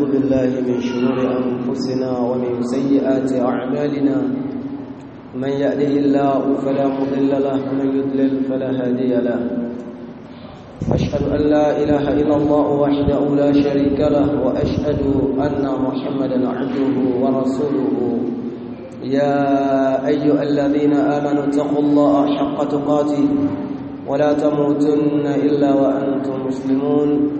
نعوذ بالله من شرور أنفسنا ومن سيئات أعمالنا من يأله الله فلا مضل له ومن يضلل فلا هادي له أشهد أن لا إله إلا الله وحده لا شريك له وأشهد أن محمدا عبده ورسوله يا أيها الذين آمنوا اتقوا الله حق تقاته ولا تموتن إلا وأنتم مسلمون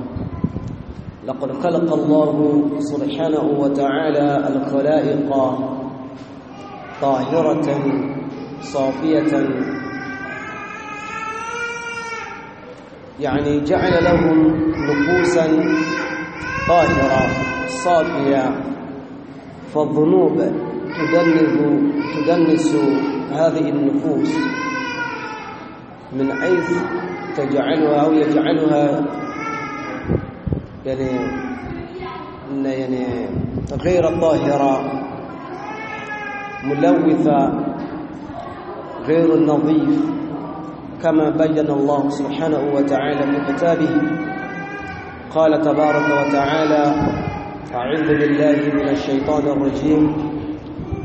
لقد خلق الله سبحانه وتعالى الخلائق طاهرة صافية يعني جعل لهم نفوسا طاهرة صافية فالذنوب تدنس تدنس هذه النفوس من حيث تجعلها أو يجعلها يعني ان يعني غير طاهرة ملوثة غير نظيف كما بين الله سبحانه وتعالى في كتابه قال تبارك وتعالى أعوذ بالله من الشيطان الرجيم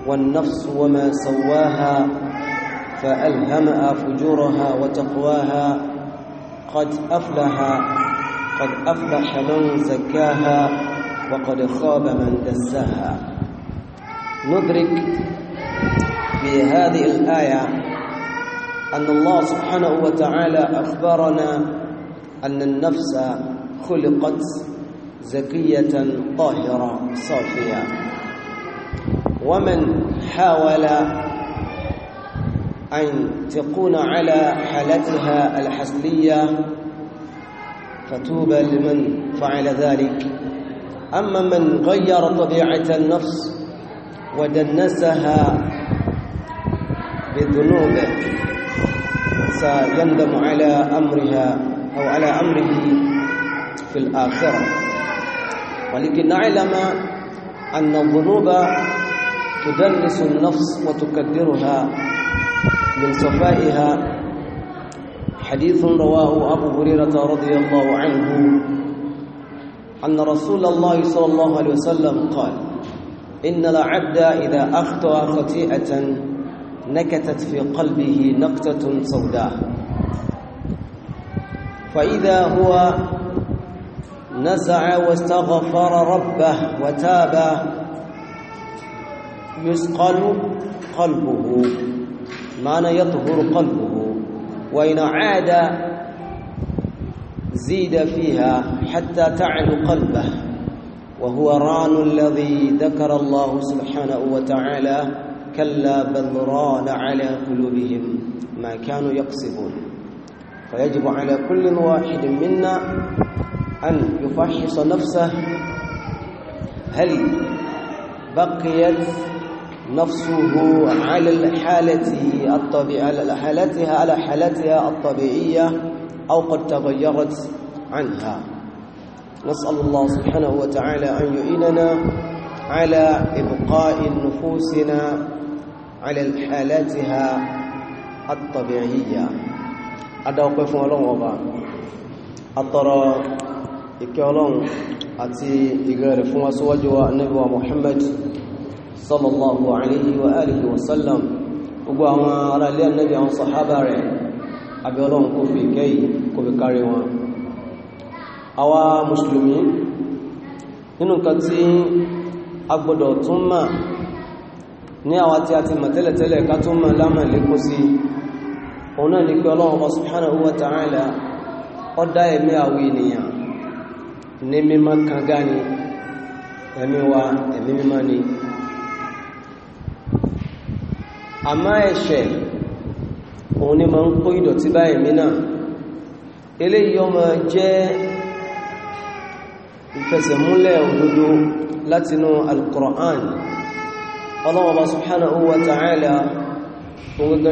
والنفس وما سواها فألهمها فجورها وتقواها قد أفلح قد أفلح من زكاها وقد خاب من دساها ندرك في هذه الآية أن الله سبحانه وتعالى أخبرنا أن النفس خلقت زكية طاهرة صافية ومن حاول أن تكون على حالتها الحسلية فطوبى لمن فعل ذلك أما من غير طبيعة النفس ودنسها بذنوبه سيندم على أمرها أو على أمره في الآخرة ولكن نعلم أن الذنوب تدنس النفس وتكدرها من صفائها حديث رواه أبو هريرة رضي الله عنه أن رسول الله صلى الله عليه وسلم قال إن العبد إذا أخطأ خطيئة نكتت في قلبه نقطة سوداء فإذا هو نزع واستغفر ربه وتاب يسقل قلبه معنى يطهر قلبه وإن عاد زيد فيها حتى تعلو قلبه وهو ران الذي ذكر الله سبحانه وتعالى كلا بل ران على قلوبهم ما كانوا يقصدون فيجب على كل واحد منا أن يفحص نفسه هل بقيت نفسه على الحالة الطبيعية على حالتها على حالتها الطبيعية أو قد تغيرت عنها نسأل الله سبحانه وتعالى أن يعيننا على إبقاء نفوسنا على حالاتها الطبيعية هو فون الله وبا أترى إكيالون أتي إغير فون سواجوا النبي محمد sallallahu alayhi wa alihi wa sallam gbogbo àwọn ará ilé ànábì àwọn sàhábà rẹ̀ àbí ọlọ́run kò fi ìkẹ́yì fi kárí wọn àwa musulmi nínú nǹkan tí a gbọ́dọ̀ tún mà ní àwa tí a ti mọ̀ tẹ́lẹ̀tẹ́lẹ̀ ká tún lámà lékún sí òun náà ni pé ọlọ́run ọ dá ẹ̀mí ènìyàn ní kan ẹ̀mí wa ẹ̀mí àmá ẹ̀ṣẹ̀ òun ni ma ń kó ìdọ̀tí bá ẹ̀mí náà eléyìí ọmọ jẹ́ ìfẹsẹ̀múlẹ̀ òdodo látinú al-Qur'an ọlọ́wọ́ba subhanahu wa ta'ala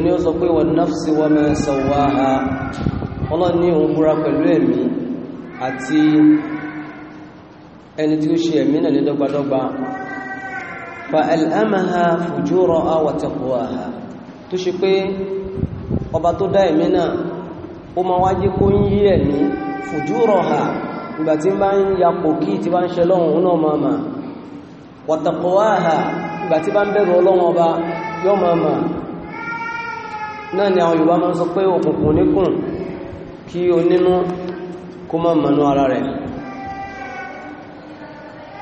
ni ó sọ pé wọn nafsi wa ma ọlọ́n ní òun búra pẹ̀lú ẹ̀mí àti ẹni tí ó ṣe ẹ̀mí náà lé dọ́gbadọ́gba fa'alamaha fujura wa taqwaha to se pe oba to da emi na o ma wa je ko yin e ni fujuraha ngba tin ba n ya ti ba n se lohun o na ma ma wa taqwaha ngba ti ba n beru olohun oba yo ma ma na ni awon yoruba ma so pe okunkun nikun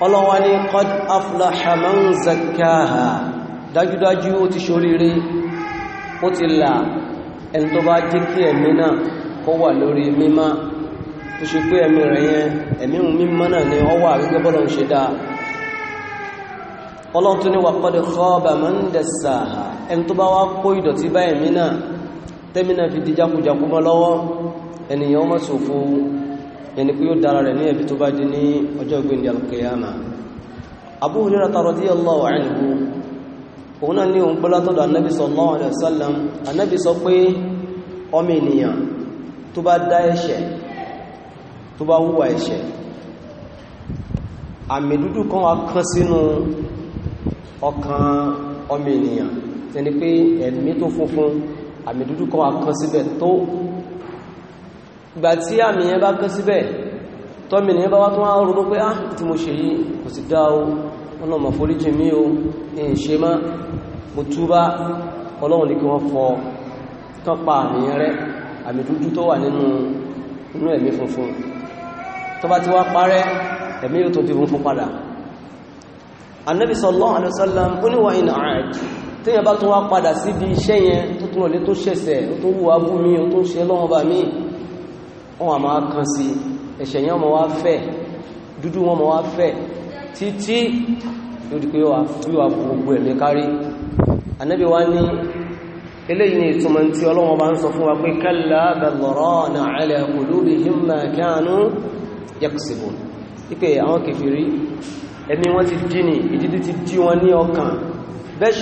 ọlọ́wà ní qad aflaha man zakkaha dájúdájú ó ti ṣoríire ó ti là ẹni tó bá jẹ́ kí ẹ̀mí náà kó wà lórí mímá tó ṣe pé ẹ̀mí rẹ̀ yẹn ẹ̀mí mímá náà ni ọ wà gẹ́gẹ́ bọ́lọ̀ ń ṣe dáa ọlọ́run tó ní wà qad khaba yẹni pé yóò dára rẹ̀ ní ẹ̀bí tó bá di ní ọjọ́ ìgbìndì alkiyama Abu Hurairah radiyallahu anhu òun náà ní òun pẹ́lá tọ́dọ̀ anábì sallallahu alaihi wasallam anábì sọ pé ọmọ ènìyàn tó bá dá ẹ̀ṣẹ̀ tó bá hùwà ẹ̀ṣẹ̀ àmì dúdú ìgbà tí àmì yẹn bá kán síbẹ̀ tọ́mì ní bá wá tún wá ronú pé ah tí mo ṣe yìí kò sì dá o ọ̀nà mọ̀foríjì mí o èyí ṣe má mo túbá ọlọ́run ní kí wọ́n fọ kán pa àmì rẹ àmì dúdú tó wà nínú inú ẹ̀mí funfun tó bá ti wá parẹ́ ẹ̀mí yóò tó di funfun padà annabi sallallahu alaihi wasallam ó ní wà in aad tí yẹn bá tún wá padà síbi iṣẹ́ yẹn tó tún lè tó ṣẹ̀ṣẹ̀ tó wù wá bú mi tó ṣe lọ́wọ́ bá mi wọ́n máa kan sí ẹ̀ṣẹ̀ yẹn wọ́n wá fẹ́ dúdú wọ́n máa wá fẹ́ títí lórí pé wà wíwà gbogbo ẹ̀mí kárí anábí wá ní eléyìí ni ìtumọ̀ tí Ọlọ́hun bá ń sọ fún wa pé kalla bal rana ala qulubihim ma kanu yaksibun ipe àwọn kèfèrí ẹ̀mí wọ́n ti dí ní ìdídí ti dí wọn ní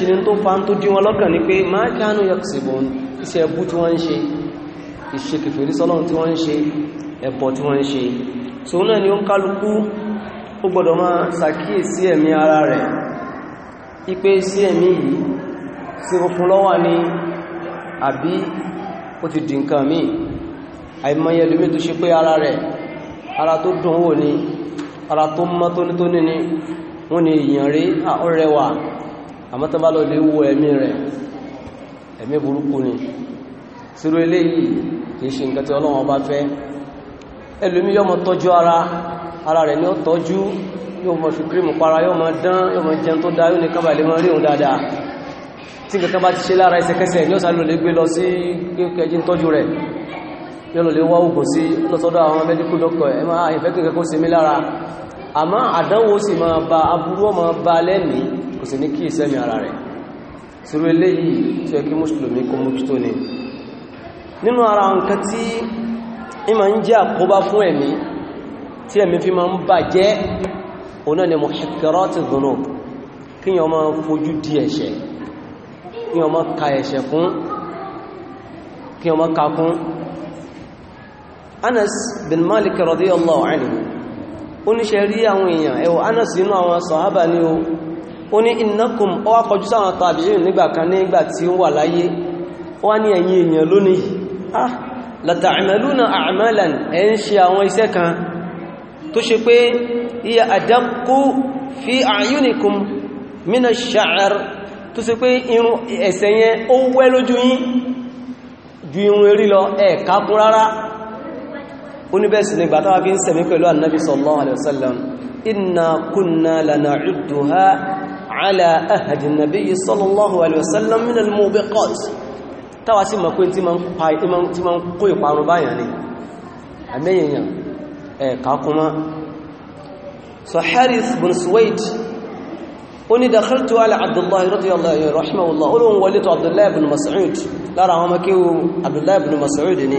ni tó ma kanu yaksibun iṣẹ́ ẹbú tí ìṣe kèfèrí sọ́lọ́run tí wọ́n ń ṣe ẹ̀bọ̀ tí wọ́n ń ṣe so náà ni ó ń kálukú ó gbọ́dọ̀ máa sàkíyèsí ẹ̀mí ara rẹ̀ ipé sí ẹ̀mí yìí sí funfun lọ́wà ní àbí ó ti dì nǹkan míì àìmọye lómi tó ṣe pé ara rẹ̀ ara tó dùn wò ni ara tó mọ́ tónítóní ni wọ́n ni èèyàn rí ọ̀rẹ́wà àmọ́tọ́bálọ́ lè wo ẹ̀mí rẹ̀ ẹ̀mí burúkú ni sírò eléyìí kìí ṣe nǹkan tí ọlọ́wọ́n bá fẹ́ ẹlòmí yọ́ mọ́ tọ́jú ara ara rẹ̀ ní ó tọ́jú yóò mọ́ fi kírìmù para yóò mọ́ dán yóò mọ́ jẹun tó dá yóò ní kábà lè mọ́ rí òun dáadáa tí nǹkan bá ti ṣe lára ẹsẹ̀kẹsẹ̀ ní ọ̀sán ló lè gbé lọ sí kéèkéèjì ń tọ́jú rẹ̀ yóò lọ lè wá ògùn sí sì ní kí ìsẹ́mi ara rẹ̀ sírú eléyìí tí ó kí mùsùlùmí kó mójútó ni nínú ara nǹkan tí ìmọ̀ ń jẹ́ àkóbá fún ẹ̀mí tí ẹ̀mí fi ma ń bà jẹ́ ọ̀nà ni muhakkarati dhunub kí yọ ma fojú di ẹ̀ṣẹ̀ kí yọ ma ka ẹ̀ṣẹ̀ kún kí yọ ma ka kún Anas bin Malik radiyallahu anhu ó ní ṣe rí àwọn èèyàn ẹwọ èèyàn lónìí ah lata'maluna a'malan ẹ̀ ń ṣe àwọn iṣẹ́ kan tó ṣe pé iya adaqqu fi a'yunikum min ash-sha'r tó ṣe pé irun ẹ̀sẹ̀ yẹn ó wẹ́ lójú yín ju irun erí lọ ẹ̀ẹ̀ká kún rárá oníbẹ̀sì ni gbàtàwà fi ń sẹ̀mí pẹ̀lú annabi sallallahu alaihi wasallam inna kunna lana'udduha ala ahdi an-nabi sallallahu alaihi wasallam min al-mubiqat táwa sí mọ̀ pé tí ma ń kó ìparun báyàn ni àmẹ́yìnyàn ẹ̀kàkúnmá so harith bin suwaid ó ní dakhaltu ala abdullahi radiyallahu rahimahullah olóhun wọlé tó abdullahi bin mas'ud lára àwọn makéwu abdullahi bin mas'ud ni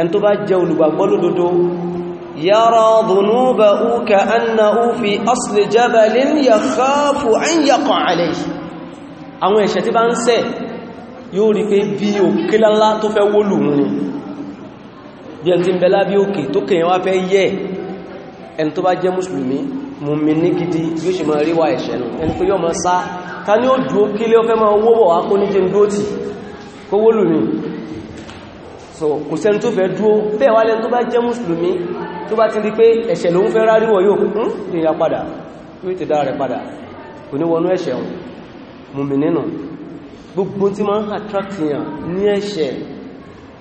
ẹn tó bá jẹ́ olùgbàgbọ́ lódodo yára dhùnúbà úkà anna ó fi asli jabalin ya káàfù an yàkọ̀ alẹ́ àwọn ẹ̀ṣẹ̀ tí bá ń ṣẹ̀ yóò rí pé bí òkè lánlá tó fẹ́ wólù mú ni bí ẹn ti ń bẹ lábí òkè tó kèyàn wá fẹ́ yẹ ẹn tó bá wó bọ̀ wá ni so kò sẹ́ni tó fẹ́ dúó bẹ́ẹ̀ wálẹ̀ tó bá jẹ́ mùsùlùmí tó bá ti rí pé ẹ̀ṣẹ̀ ló ń fẹ́ ráríwọ̀ yóò kún lè ya padà yóò tẹ̀dá rẹ̀ padà kò ní wọnú ẹ̀ṣẹ̀ wọn mùmìnínà gbogbo tí ma ń àtrákìyàn ní ẹ̀ṣẹ̀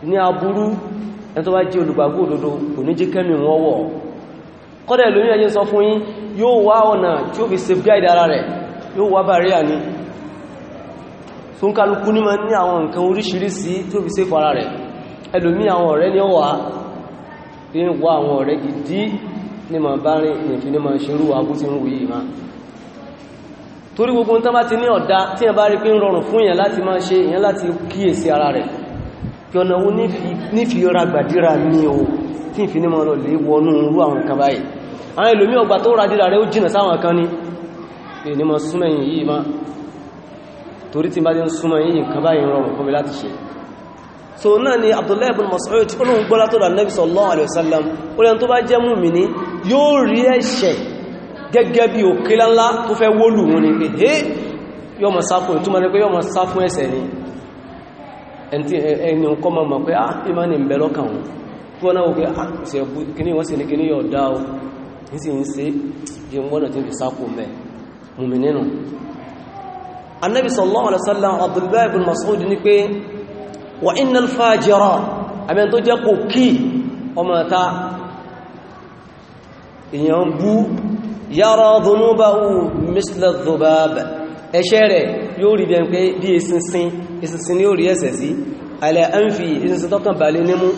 ní aburú ẹni tó bá jẹ́ olùgbàgbọ́ òdodo kò ní jẹ́ ẹlòmí àwọn ọ̀rẹ́ ní wà tí ń wá àwọn ọ̀rẹ́ gidi ní ma bá rìn nìkí ní ma ṣerú àbúsí ń wù yìí ma torí gbogbo tán bá ti ní ọ̀dá tí ẹ bá rí pé ń rọrùn fún èèyàn láti máa ṣe èèyàn láti kíyèsí ara rẹ̀ kí ọ̀nà wo nífi ragbàdíra ní o tí ìfi ní ma lọ lè wọnú irú àwọn kan báyìí àwọn ìlòmí ọgbà tó radíra rẹ̀ ó jìnà sáwọn kan ní ní ma súnmẹ̀yìn yìí ma torí tí bá ti ń súnmẹ̀yìn kan báyìí rọrùn fún mi láti ṣe so náà ni abdullahi ibn mas'ud olóhun gbọ́lá tó dà nabi sallallahu alaihi wasallam olóhun tó bá jẹ́ mùmínì yóò rí ẹ̀ṣẹ̀ gẹ́gẹ́ bí òkèlá ńlá tó fẹ́ wólù wọn ni pé hé yóò ma sáfún ìtumọ̀ ní ni ẹni nǹkan ma mọ̀ pé ah ima ni mbẹ̀ lọ́kàn wa innal fajira àmì tó jẹ́ kò kí ọmọ ta èyàn bú yára dhunubahu misla dhubab ẹ̀ṣẹ̀ rẹ̀ yóò rí bẹ́ẹ̀ pé bí eṣinṣin eṣinṣin ni ó rí ẹ̀ṣẹ̀ sí ala anfi eṣinṣin tọ́kàn balẹ̀ nímú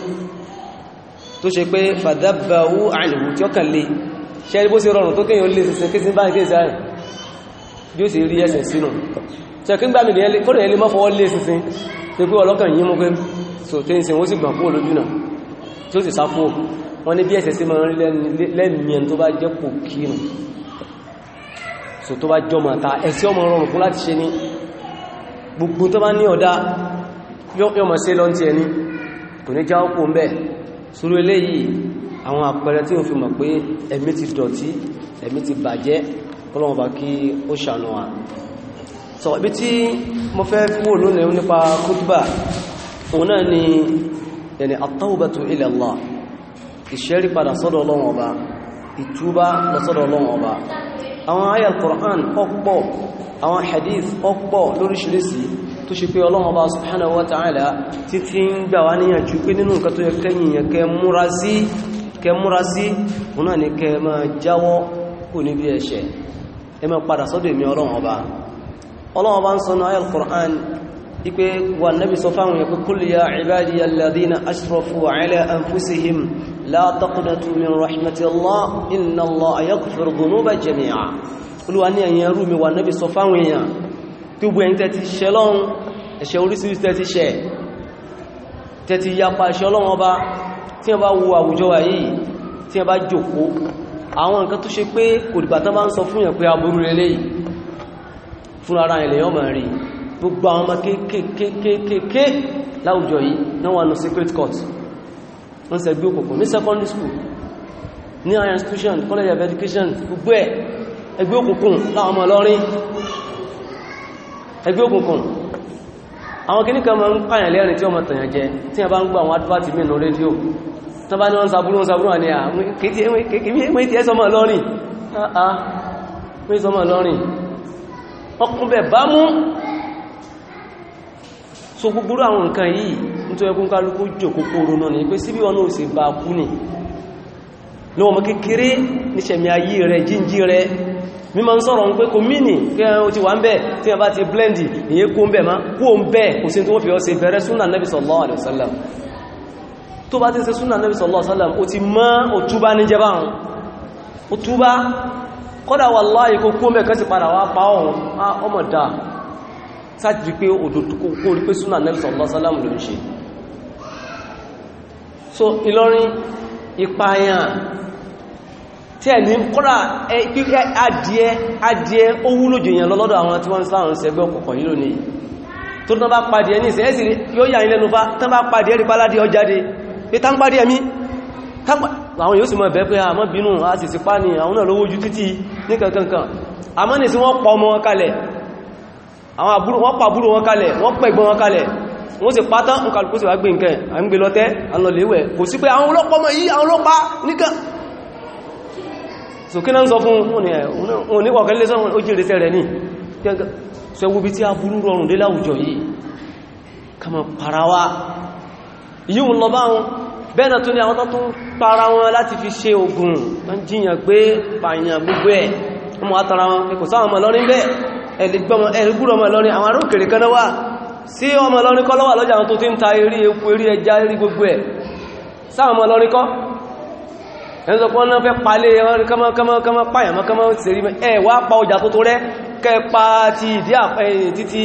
tó ṣe pé fadabbahu anhu tí ọkàn lè ṣẹ́rí bó sí rọrùn tó kéyàn lè ṣinṣin kí sí bá ń kéèsì bí ó sì rí ẹ̀ṣẹ̀ sínú ṣẹ̀kíngbàmì kó tó pé ọlọ́kàn yí mú pé so tí ń sin ó sì gbà kúrò lójú náà tí ó sì sá kúrò wọ́n ní bí ẹ̀sẹ̀ sí máa lẹ́mìíàn tó bá jẹ́ kò kírù so tó bá jọ máa ta ẹ̀sẹ̀ ọmọ rọrùn fún láti ṣe ní gbogbo tó bá ní ọ̀dá yọ́ máa ṣe lọ́ntí ẹni kò ní jáwọ́ kò ń bẹ̀ sórú eléyìí àwọn àpẹẹrẹ tí ó fi mọ̀ pé ẹ̀mí so ibi tí mo fẹ́ wò lónìí nípa kútbà òun náà ni yẹni at-tawbatu ila Allah ìṣẹ́rí padà sọ́dọ̀ Ọlọ́run Ọba ìtúbá lọ sọ́dọ̀ Ọlọ́run Ọba àwọn àyà Al-Qur'an ọ̀pọ̀ àwọn hadith ọ̀pọ̀ lóríṣiríṣi tó ṣe pé Ọlọ́run Ọba subhanahu wa ta'ala títí ń gbà wá níyànjú padà sọ́dọ̀ èmi Ọlọ́run Ọba ọlọ́wọ́ bá ń sọ náà al-Qur'an ipé wà nábi sọ fáwọn yẹ pé kúlù ya ibadiya alladhina ashrafu ala anfusihim la taqnatu min rahmatillah inna Allaha yaghfiru dhunuba jami'a olúwa ní ẹ̀yìn ẹrú mi wà nábi sọ fáwọn èèyàn tí gbogbo ẹ̀yin tẹ́ti ṣẹ́ lọ́n ẹ̀ṣẹ̀ orísìírísìí tẹ́ti ṣẹ̀ tẹ́ti yapa ẹ̀ṣẹ̀ ọlọ́wọ́ bá fún ara ilẹ̀ yọ́ ma rí gbogbo àwọn ọmọ kéèkéèkéèkéèké láwùjọ yìí náà wà ní secret court ń sẹgbé òkùnkùn ní secondary school ní higher institution college of education gbogbo ẹ̀ ẹgbẹ́ òkùnkùn láwọn ọmọ lọ́rin ẹgbẹ́ òkùnkùn àwọn kìí kan máa ń pààyàn lẹ́rin tí ọmọ tàyàn jẹ tí a bá ń gbọ́ àwọn advert mìíràn rédíò tán bá ní wọ́n sàbúrú wọn sàbúrú àní à mú ìtì ẹ́sọmọ̀ lọ́rin ọkùnbẹ̀ bá mú so gbogbo àwọn nǹkan yìí nítorí ẹkùn kálukú jòkó kóró náà ní pé síbí wọn náà sì bá kú lọ́wọ́ mọ́ kékeré ayé rẹ̀ jíǹjí rẹ̀ mímọ̀ ń pé kò mínì kí o ti wà ń blendi ìyẹ́ kó ń bẹ̀ má kó ń bẹ̀ kò sí tó fi alaihi tó bá ti súnà ti mọ́ òtúbá kọ́dà wà láì kó kó mẹ́kẹ́ sí padà wá pa ọ̀hún ọmọ dáa sáti rí pé òdòdó kó rí pé súnà nẹ́lùsọ̀ lọ́sálàmù ló ń ṣe so Ìlọrin ìpààyàn tí ẹ̀ ní kọ́dà adìẹ adìẹ ó wúlò jìyàn lọ́lọ́dọ̀ àwọn tí wọ́n sáàrùn sẹ́gbẹ́ ọkọ̀kọ̀ yìí lónìí tó tán bá padìẹ ní ìsẹ́ ẹ̀sì yóò yà ilẹ̀ nufa tán bá padìẹ rí páládìẹ ọjáde pé tán padìẹ mi àwọn yóò sì mọ̀ bẹ́ pé a ah, mọ́ bínú a sì sípá ní àwọn náà lówó ojú títí ní kankankan a mọ́ ní sí wọ́n pọ̀ ọmọ wọn kalẹ̀ wọ́n pàbúrò wọn kalẹ̀ wọ́n pẹ̀gbọ́n wọn kalẹ̀ wọ́n sì pátá ń kàlùkù sí wá gbé nǹkan à ń gbé lọ́tẹ́ alọ́lẹ́wẹ̀ kò sí pé àwọn ọlọ́pọ̀ mọ̀ yí àwọn ọlọ́pàá nìkan so kí náà ń sọ fún òun ní kọ̀kẹ́lẹ́ sọ ó jèrè sẹ́rẹ̀ ní ṣẹwúbi tí a burú rọrùn lé láwùjọ yìí kama parawa lọ bá bẹ́ẹ̀nà tó ní àwọn tó tún para wọn láti fi ṣe ogun tó ń jíyàn pé pààyàn gbogbo ẹ̀ ọmọ àtàrà wọn pẹ̀kọ̀ sáwọn ọmọ lọ́rin bẹ́ẹ̀ ẹ̀lẹ́gbùrọ̀ ọmọ lọ́rin àwọn arókèrè kan náà wà sí ọmọ lọ́rin kọ́ lọ́wà lọ́jà àwọn tó ti ń ta eré epo eré ẹja eré gbogbo ẹ̀ sáwọn ọmọ lọ́rin kọ́ ẹ̀sọ pọ́n náà fẹ́ palẹ̀ ọrin kọ́mọ́kọ́mọ́ pààyàmọ́ kọ́mọ́ sèrí ẹ̀ wá pa ọjà tó tó rẹ́ kẹpa ti ìdí àpẹẹ̀títí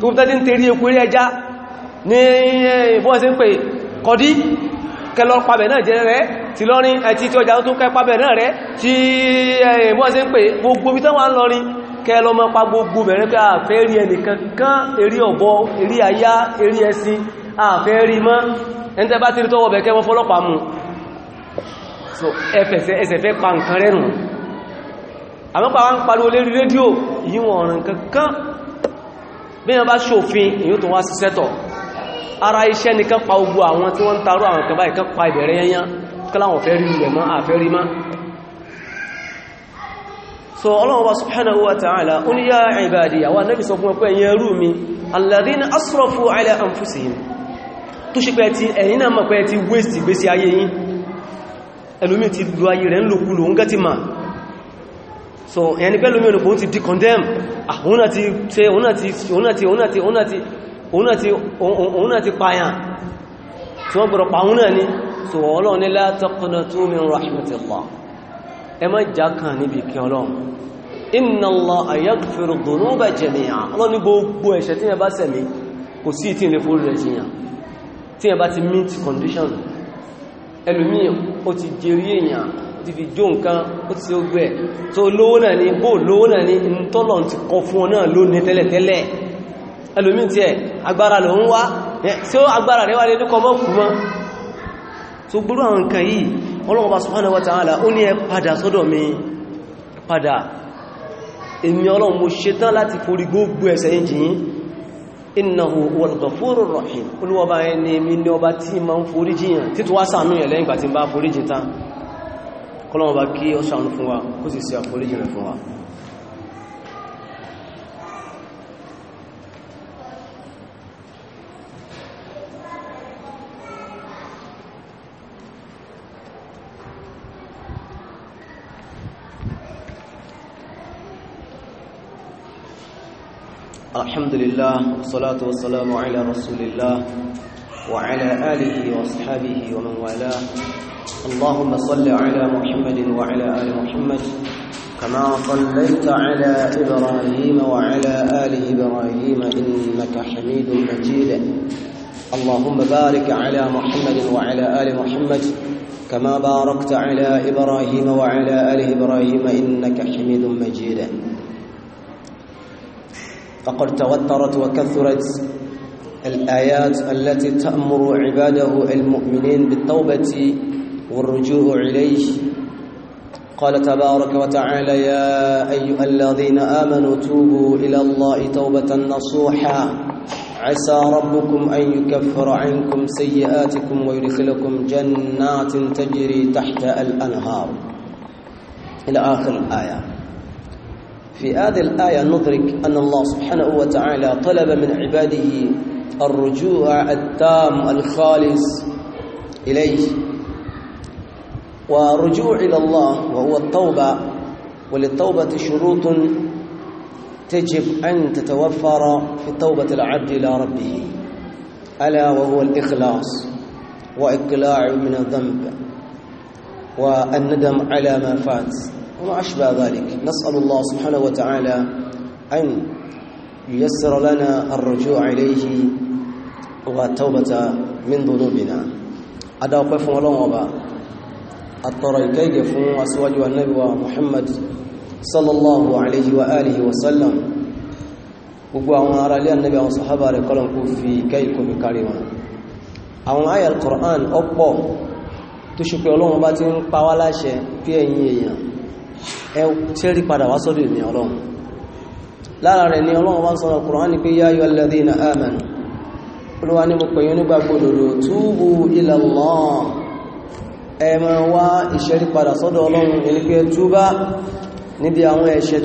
tó tẹ́lẹ̀ ń tẹ́rí epo eré ẹja kẹlọ pàbẹ̀ náà jẹ́ rẹ̀ ti lọ́rin ẹ̀tí tí ọjà tó kẹ pàbẹ̀ náà rẹ̀ tí ẹ̀yìnbọ́n sí ń pè gbogbo bí tánwà ń lọrin kẹlọ mọ́ pa gbogbo bẹ̀rẹ̀ pé àfẹ́ rí ẹnìkan kán erí ọ̀bọ erí ayá erí ẹṣin àfẹ́ rí mọ́ ẹ̀ntẹ́ bá ti rí tọwọ́ bẹ̀kẹ́ wọ́n fọ́lọ́pàá mú ẹ̀fẹ̀sẹ̀ fẹ́ pa nǹkan rẹ̀ nù àmọ́pàá wá ń pariwo lérí rédíò yíwọ̀n ọ̀ràn kankan bí wọ́n bá ṣòfin èyí tó wá sí sẹ́tọ̀ ara iṣẹ́ nìkan pa ogbò àwọn tí wọ́n ń tarú àwọn kẹba ìkan pa ìbẹ̀rẹ̀ yẹnyán kíláwọn fẹ́ rí rẹ̀ mọ́ àfẹ́ rí má so Ọlọ́hun wa subhanahu wa ta'ala ó ní yá ibadi àwọn anábì sọ fún ọpẹ́ ẹ̀yin ẹrú mi alladhina waste ìgbésí ayé yín ẹlòmí ti lu ayé rẹ̀ so ẹni pẹ́lú mi ò ní kò ń ti di condemn ah òun náà ti ṣe òun náà òun náà òun náà òun náà ti pààyàn tí wọ́n gbọ́rọ̀ pàún náà ní so ọlọ́run ní la taqnatu min rahmatillah ẹ má jákàn níbi kí ọlọ́run inna Allaha yaghfiru dhunuba jami'a ọlọ́run ní gbogbo ẹ̀ṣẹ̀ tí yẹn bá sẹ̀mí kò sí tí ilé fórí rẹ̀ jìyàn tí yẹn bá ti meet condition ẹlòmí ó ti jẹrí èèyàn ti fi jó nǹkan ó ti ó gbẹ̀ tó lówó náà ní bó lówó ẹlòmí tí ẹ agbára ló ń wá tí ó agbára rẹ̀ wà lè dúkọ mọ́ kú mọ́ tó gbúrú àwọn nǹkan yìí Ọlọ́hun Ọba subhanahu wa ta'ala ó ní ẹ padà sọ́dọ̀ mi padà èmi Ọlọ́hun mo ṣetán láti forí gbogbo ẹ̀ṣẹ̀ yín jìn innahu huwal ghafurur rahim olúwọba ma ń forí jìyàn títù wá ṣàánú yẹn lẹ́yìn ìgbà tí ń bá forí الحمد لله والصلاة والسلام على رسول الله وعلى آله وأصحابه ومن والاه اللهم صل على محمد وعلى آل محمد كما صليت على إبراهيم وعلى آل إبراهيم إنك حميد مجيد اللهم بارك على محمد وعلى آل محمد كما باركت على إبراهيم وعلى آل إبراهيم إنك حميد مجيد فقد توترت وكثرت الآيات التي تأمر عباده المؤمنين بالتوبة والرجوع إليه قال تبارك وتعالى يا أيها الذين آمنوا توبوا إلى الله توبة نصوحا عسى ربكم أن يكفر عنكم سيئاتكم ويدخلكم جنات تجري تحت الأنهار إلى آخر الآية في هذه الآية ندرك أن الله سبحانه وتعالى طلب من عباده الرجوع التام الخالص إليه والرجوع إلى الله وهو التوبة وللتوبة شروط تجب أن تتوفر في توبة العبد إلى ربه ألا وهو الإخلاص وإقلاع من الذنب والندم على ما فات وما أشبه ذلك نسأل الله سبحانه وتعالى أن ييسر لنا الرجوع إليه والتوبة من ذنوبنا أدعو قف ولو أبا الطريق أسواج النبي محمد صلى الله عليه وآله وسلم gbogbo àwọn ará ilé annabi àwọn sàhábà rẹ̀ kọ́lọ̀n kó fi kẹ́ìkò fi kárí wọn àwọn ayà al-Qur'an ọ̀pọ̀ tó ṣe pé Ọlọ́run bá ti ń pa wá láṣẹ pé ẹ̀yin èèyàn ẹ tẹ́rí padà wá sọ́dọ̀ ìmì ọlọ́run lára rẹ̀ ni ọlọ́run wá sọ́rọ̀ Kùránì pé yá ayyuhal ladhina amanu olúwa ní gbogbo èyàn nígbàgbọ́ òdòdó túbù ila Allah ẹ ma wá ìṣẹ́rí pé túbá níbi àwọn ẹ̀ṣẹ̀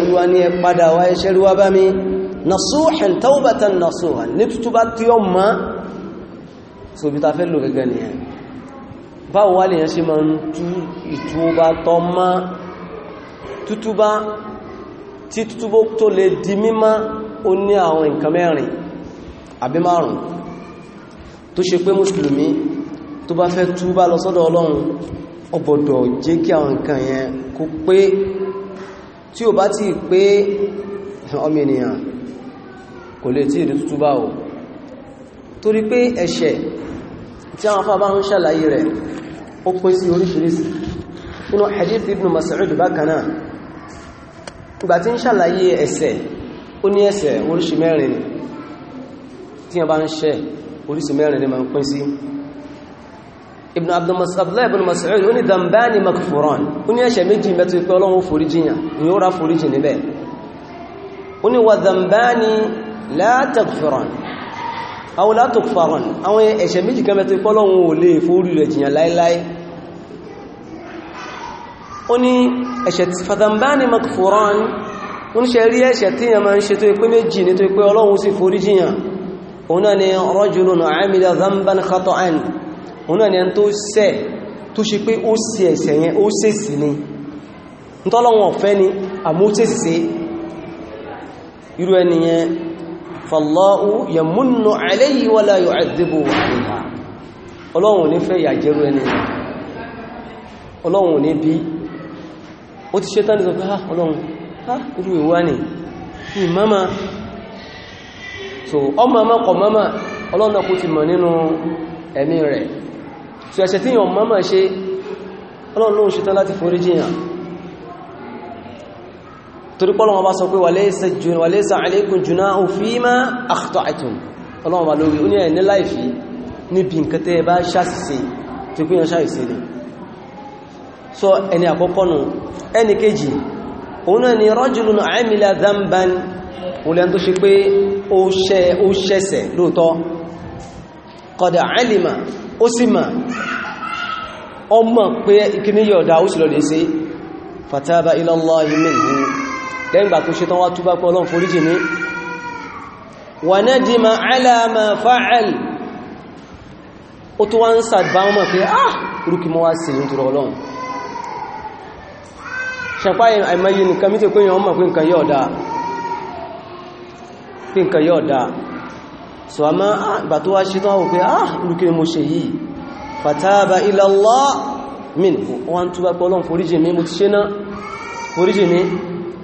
olúwa ní ẹ padà wá ẹ̀ṣẹ̀ rí wá bá mi nasuhan taubatan nasuhan ní tútúbá so bí ta fẹ́ lò gẹ́gẹ́ nìyẹn báwo wá lèyàn ṣe máa ń tú ìtúbá tọ́ má tútúbá tí tútúbó tó lè di mímá ó ní àwọn nǹkan mẹ́rin àbí márùn tó ṣe pé mùsùlùmí tó bá fẹ́ túbá lọ sọ́dọ̀ ọlọ́run ó jẹ́ kí àwọn nǹkan yẹn kó pé tí ò bá ti pé ọmọ ènìyàn kò lè tí ìdí tútúbá o torí pé ẹ̀ṣẹ̀ tí àwọn afá bá ń ṣàlàyé rẹ̀ ó pín sí oríṣiríṣi inú hadith ibn Mas'ud bákanáà ìgbà tí ń ṣàlàyé ẹ̀ṣẹ̀ ó ní ẹ̀ṣẹ̀ oríṣi mẹ́rin tí wọ́n bá ń ṣẹ̀ oríṣi mẹ́rin ni ma ń pín sí ibn abdullahi ibn Mas'ud ó ní dambani makfuran ó ní ẹ̀ṣẹ̀ méjì mẹ́tí pé àwọn látò faron àwọn ẹ̀ṣẹ̀ méjì kan mẹ́tò ìpọ́lọ́run ò lè fórí rẹ̀ jìyàn láíláí ó ní ẹ̀ṣẹ̀ tí fàtàmbáni makfuran ó ní ṣe rí ẹ̀ṣẹ̀ tí yẹn ma ń ṣe tó ipé méjì ní tó ipé ọlọ́run sì fórí jìyàn òun ni rajulun amila dhanban khata'an òun náà ni ẹn tó ṣẹ̀ tó ṣe pé ó sì ni ntọ́lọ́run فالله يمن aléyìí ولا láyò àdébò àríhà ọlọ́run ní fẹ́ ìyàjẹ́rú ẹni ọlọ́run ní bí ó ti ṣe tánìsọ pé ah, ọlọ́run ah, irú ìwá ni ní mama so ọmọ mọ́kọ̀ mama ọlọ́run kò ti mọ̀ nínú ẹ̀mí rẹ̀ so ẹ̀ṣẹ̀ tí yàn mama ṣe ọlọ́run ló ṣetán láti foríjìyàn torí pé Ọlọ́run bá sọ pé walaysa alaykum junahun fima akhta'tum Ọlọ́run bá lórí oní ẹ̀ní láìfí níbi nǹkan tẹ́ bá ṣàṣìṣe tí kúyàn ṣàṣìṣe lè sọ ẹni àkọ́kọ́ nù ẹni kejì òun náà ni rajulun amila dhanban olè tó ṣe pé ó ṣẹ̀ṣẹ̀ lóòtọ́ lẹ́yìngbà tó ṣe tán wá túbá pé ọlọ́run foríjì ní wà nadima ala ma fa'al ó tó wá ń sàdbá wọn pé ah rúkì mọ́ wá sí nítorí ọlọ́run ṣẹpá àìmọye nìkan mítẹ̀ pé yàn mọ̀ pé nǹkan yóò dáa pé nǹkan so a ah, máa tó wá ṣe tán wọ́n pé ah rúkì mo ṣe yìí fataba ila min wọ́n túbá pé ọlọ́run foríjì ní mo ti ṣe náà foríjì ní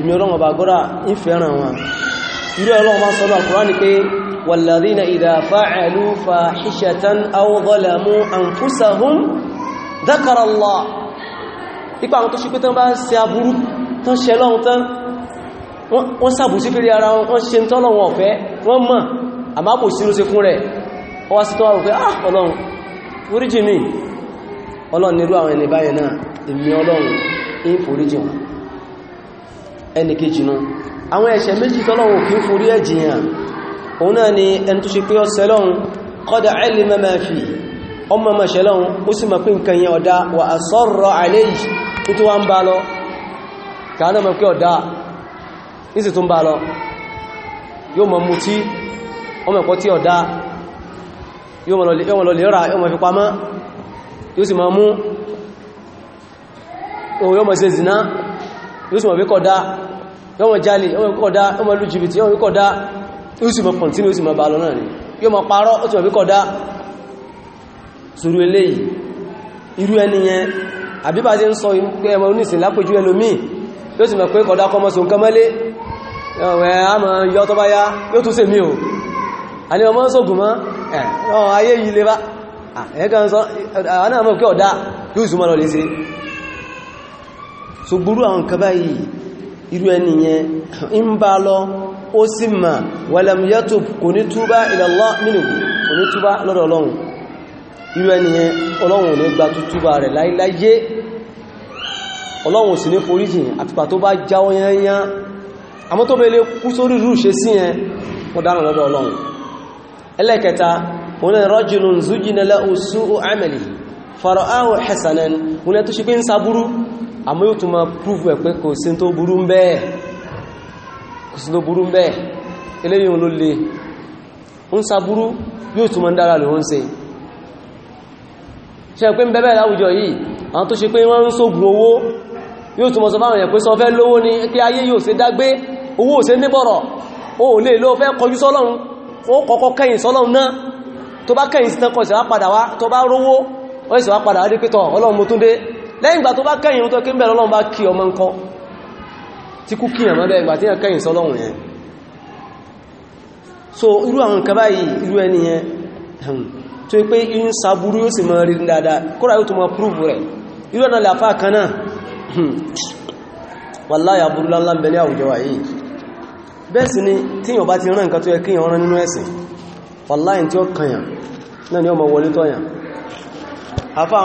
ìmì ọlọ́wọ̀n bá gọ́rà ń fẹ́ràn wọn irú ọlọ́wọ̀n bá sọ́rọ̀ Al-Qur'ani pé walladhina idha fa'alu fahishatan aw zalamu anfusahum dhakara Allah ipa àwọn tó ṣe pé tán bá ṣe aburú tán ṣe lọ́wọ́n tán wọ́n sàbù sí fèrè ara wọn ṣe tọ́lọ̀wọ̀n ọ̀fẹ́ wọ́n mọ̀ àmábò sínú sí fún rẹ̀ ọwá ah, ọlọ́run oríjì mi ẹnìkejì nù àwọn ẹ̀ṣẹ̀ méjì tọ́lọ́run kí ń forí ẹ̀jìyàn òun náà ni ẹni tó ṣe pé ọsẹ̀ lọ́run kọ́dà ẹ̀lì mẹ́mẹ́ fi ọmọ mẹ́ṣẹ̀ lọ́run ó sì mọ̀ pé nǹkan yẹn ọ̀dá wà àsọ́rọ̀ àlẹ́yìí ma yóò sì mọ̀ wíkọ̀ dá yóò mọ̀ jálè yóò mọ̀ wíkọ̀ dá yóò mọ̀ lójú bìtì yóò wíkọ̀ dá yóò sì mọ̀ kọ̀ntínú yóò sì mọ̀ bá lọ náà ni yóò mọ̀ parọ́ ó sì mọ̀ wíkọ̀ dá sùúrù eléyìí irú ẹni yẹn àbíbá ti ń sọ pé ẹmọ onísìn lápòjú ẹlòmí yóò sì mọ̀ pé kọ̀dá kọmọ sọ nǹkan mọ́lé ẹ̀wẹ̀ àmọ́ yọ tó bá yá yóò tún sèmí o àní ọmọ sógùn mọ́ ẹ̀ ayé yìí lè bá ẹ̀ẹ́kan so gbúrú àwọn nǹkan báyìí irú ẹni yẹn ń bá lọ ó sì mà walam yatub kò ní túbá ila Allah minhu kò ní túbá lọ́dọ̀ ọlọ́run irú ẹni yẹn ọlọ́run ò ní gba túbá rẹ̀ láíláyé ọlọ́run ò sì ní foríjìn àtìpà tó bá jáwọ́ yányán àmọ́ yẹn wọ́n Amụ yóò tún ma prúfù ẹ̀ kò sí tó burú ń bẹ́ẹ̀ kò sí tó burú ń bẹ́ẹ̀ eléyìn ló le ń sa burú yóò tún ma ń dára lè wọ́n ṣe ṣe pé ń bẹ́bẹ̀ láwùjọ yìí àwọn ṣe pé wọ́n ń sógun owó yóò tún ma ni kí ayé yóò dágbé owó ò o lè ló fẹ́ kọjú sọ́lọ́run ó kọ́kọ́ lẹ́yìn ìgbà tó bá kẹ́yìn ohun tó kí ń bẹ̀rẹ̀ ọlọ́run bá kí ọmọ ń kọ́ tí kú kíyàn mọ́bẹ̀ ìgbà tí yàn kẹ́yìn sọ́lọ́run yẹn so irú àwọn nǹkan báyìí irú ẹni yẹn tó pé inú sàbúrú yóò sì mọ́ rí dáadáa kóra yóò tó mọ́ prúfù rẹ̀ irú ẹ̀nà làfá kan náà wàláyà burú láńlá àwùjọ wà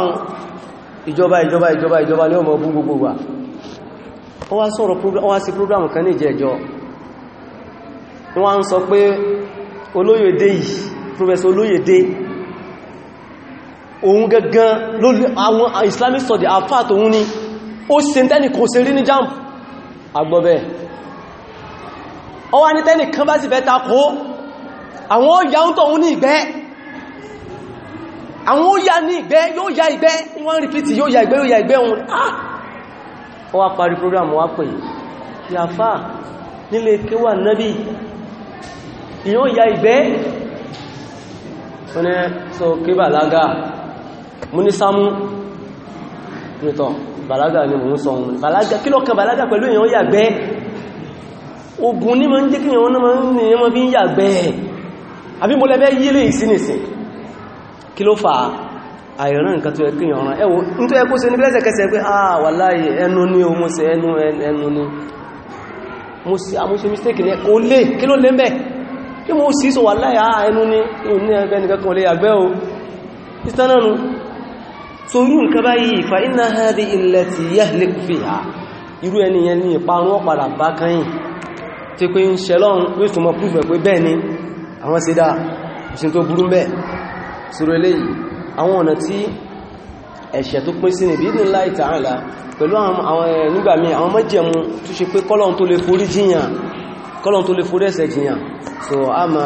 ni ìjọba ìjọba ìjọba ìjọba ní ọmọ ogun gbogbo wa ó wá sọ̀rọ̀ ó wá sí program kan ní ìjẹjọ́ wọ́n ń sọ pé olóyèdé yìí professor olóyèdé òun gangan lórí àwọn islamic study afat òun ni ó se tẹ́nì kò se rí ní jam agbọ́bẹ̀ ó wá ní tẹ́nì kan bá sì fẹ́ takó àwọn ó yàúntọ̀ òun ní ìgbẹ́ àwọn ó yá ní ìgbẹ́ yóò yá ìgbẹ́ wọ́n rìpítì yóò yá ìgbẹ́ yóò yá ìgbẹ́ wọn ah ó wá parí program wá pè yàfà nílé kíwà nábì ìyàn ya ìgbẹ́ wọ́n ní sọ kí bàlágà mú ní sámú nìtọ̀ bàlágà ni mò ń sọ ohun bàlágà kí lọ́kàn bàlágà pẹ̀lú èèyàn yàgbẹ́ ogun ní ma ń jẹ́ kí èèyàn náà ma ń ní ẹmọ bí kí ló fà àìrán nǹkan tó ẹkùn ìyànrán ẹwọ ní tó ẹkùn sí ní lẹ́sẹ̀kẹsẹ̀ pé ah wàláhì ẹnu ní o mọ́sẹ̀ ẹnu ẹnu ní mo sí àmúṣe mistake ní ẹkùn lè kí ló lè mẹ́ kí mo sí sọ wàláhì ah, ẹnu ní ní ẹgbẹ́ nìkankan lè àgbẹ́ o ìtànànù tó rú nǹkan báyìí fa inna hadhi illati yahliku fiha irú ẹni yẹn ní ìparun ọ̀padà bá kányìn tí pé ń ṣẹlọ́run ló túnmọ̀ púpẹ̀ pé bẹ́ẹ̀ ni àwọn ṣe dáa ìṣin tó burú bẹ́ẹ̀ sọ̀rọ̀ eléyìí àwọn ọ̀nà tí ẹ̀ṣẹ̀ tó pín sí ní bi'idhnillahi ta'ala pẹ̀lú àwọn nígbà míì àwọn májẹ̀mú tó ṣe pé kọ́lọ̀n tó lè forí jiyàn kọ́lọ̀n tó lè forí ẹ̀ṣẹ̀ jiyàn so a ma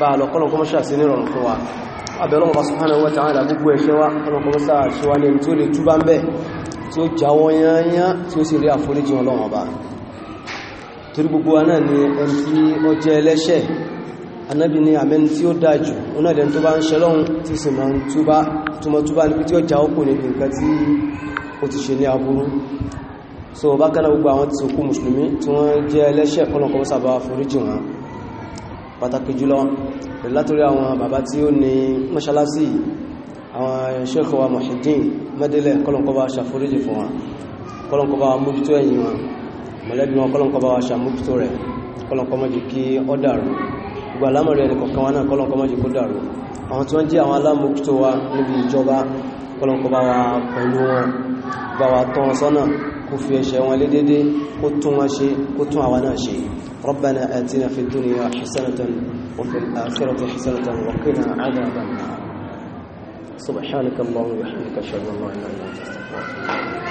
bá lọ kọ́lọ̀n kọ́mọ́ ṣàṣì ní ìrọ̀rùn fún wa abẹ̀lọ́wọ́ bá subhanahu wa ta'ala gbogbo ẹ̀ṣẹ̀ wa kọ́lọ̀n kọ́mọ́ ṣàṣì wa ní ẹni tó lè túbá ń bẹ̀ tí ó jáwọ́ yányán tí ó sì rí anábi ni àmẹ́ni tí ó dájú oná ìdẹni tó bá ń ṣe lọ́hun tí sì máa ń túbá túnmọ̀ túbá ní tí ó já ó ní nǹkan tí ó ti ṣe ní aburú so bákanáà gbogbo àwọn tí òkú mùsùlùmí tí wọ́n jẹ́ ẹlẹ́ṣẹ̀ kọ́nàkọ́ sábà foríjì wọn pàtàkì jùlọ látorí wa Muhyiddin mẹ́dẹ́lẹ̀ kọ́lọ̀kọ́ bá ṣàforíjì fún wọn kọ́lọ̀kọ́ bá mójútó ẹ̀yìn wọn mọ̀lẹ́bí wọn kọ́lọ̀kọ́ gbogbo alámọ̀rẹ́ ẹnìkọ̀kan wa náà kọ́lọ̀kọ́ mọ́jú kó dàrú àwọn tí wọ́n jẹ́ àwọn alámòójútó wa níbi ìjọba kọ́lọ̀kọ́ bá wa pẹ̀lú wọn bá wa tọ́ wọn sọ́nà kó fi ẹ̀ṣẹ̀ wọn lé kó tún wọn ṣe kó tún àwa náà ṣe ربنا آتنا في الدنيا حسنة وفي الآخرة حسنة وقنا عذاب النار سبحانك اللهم وبحمدك اشهد ان لا اله الا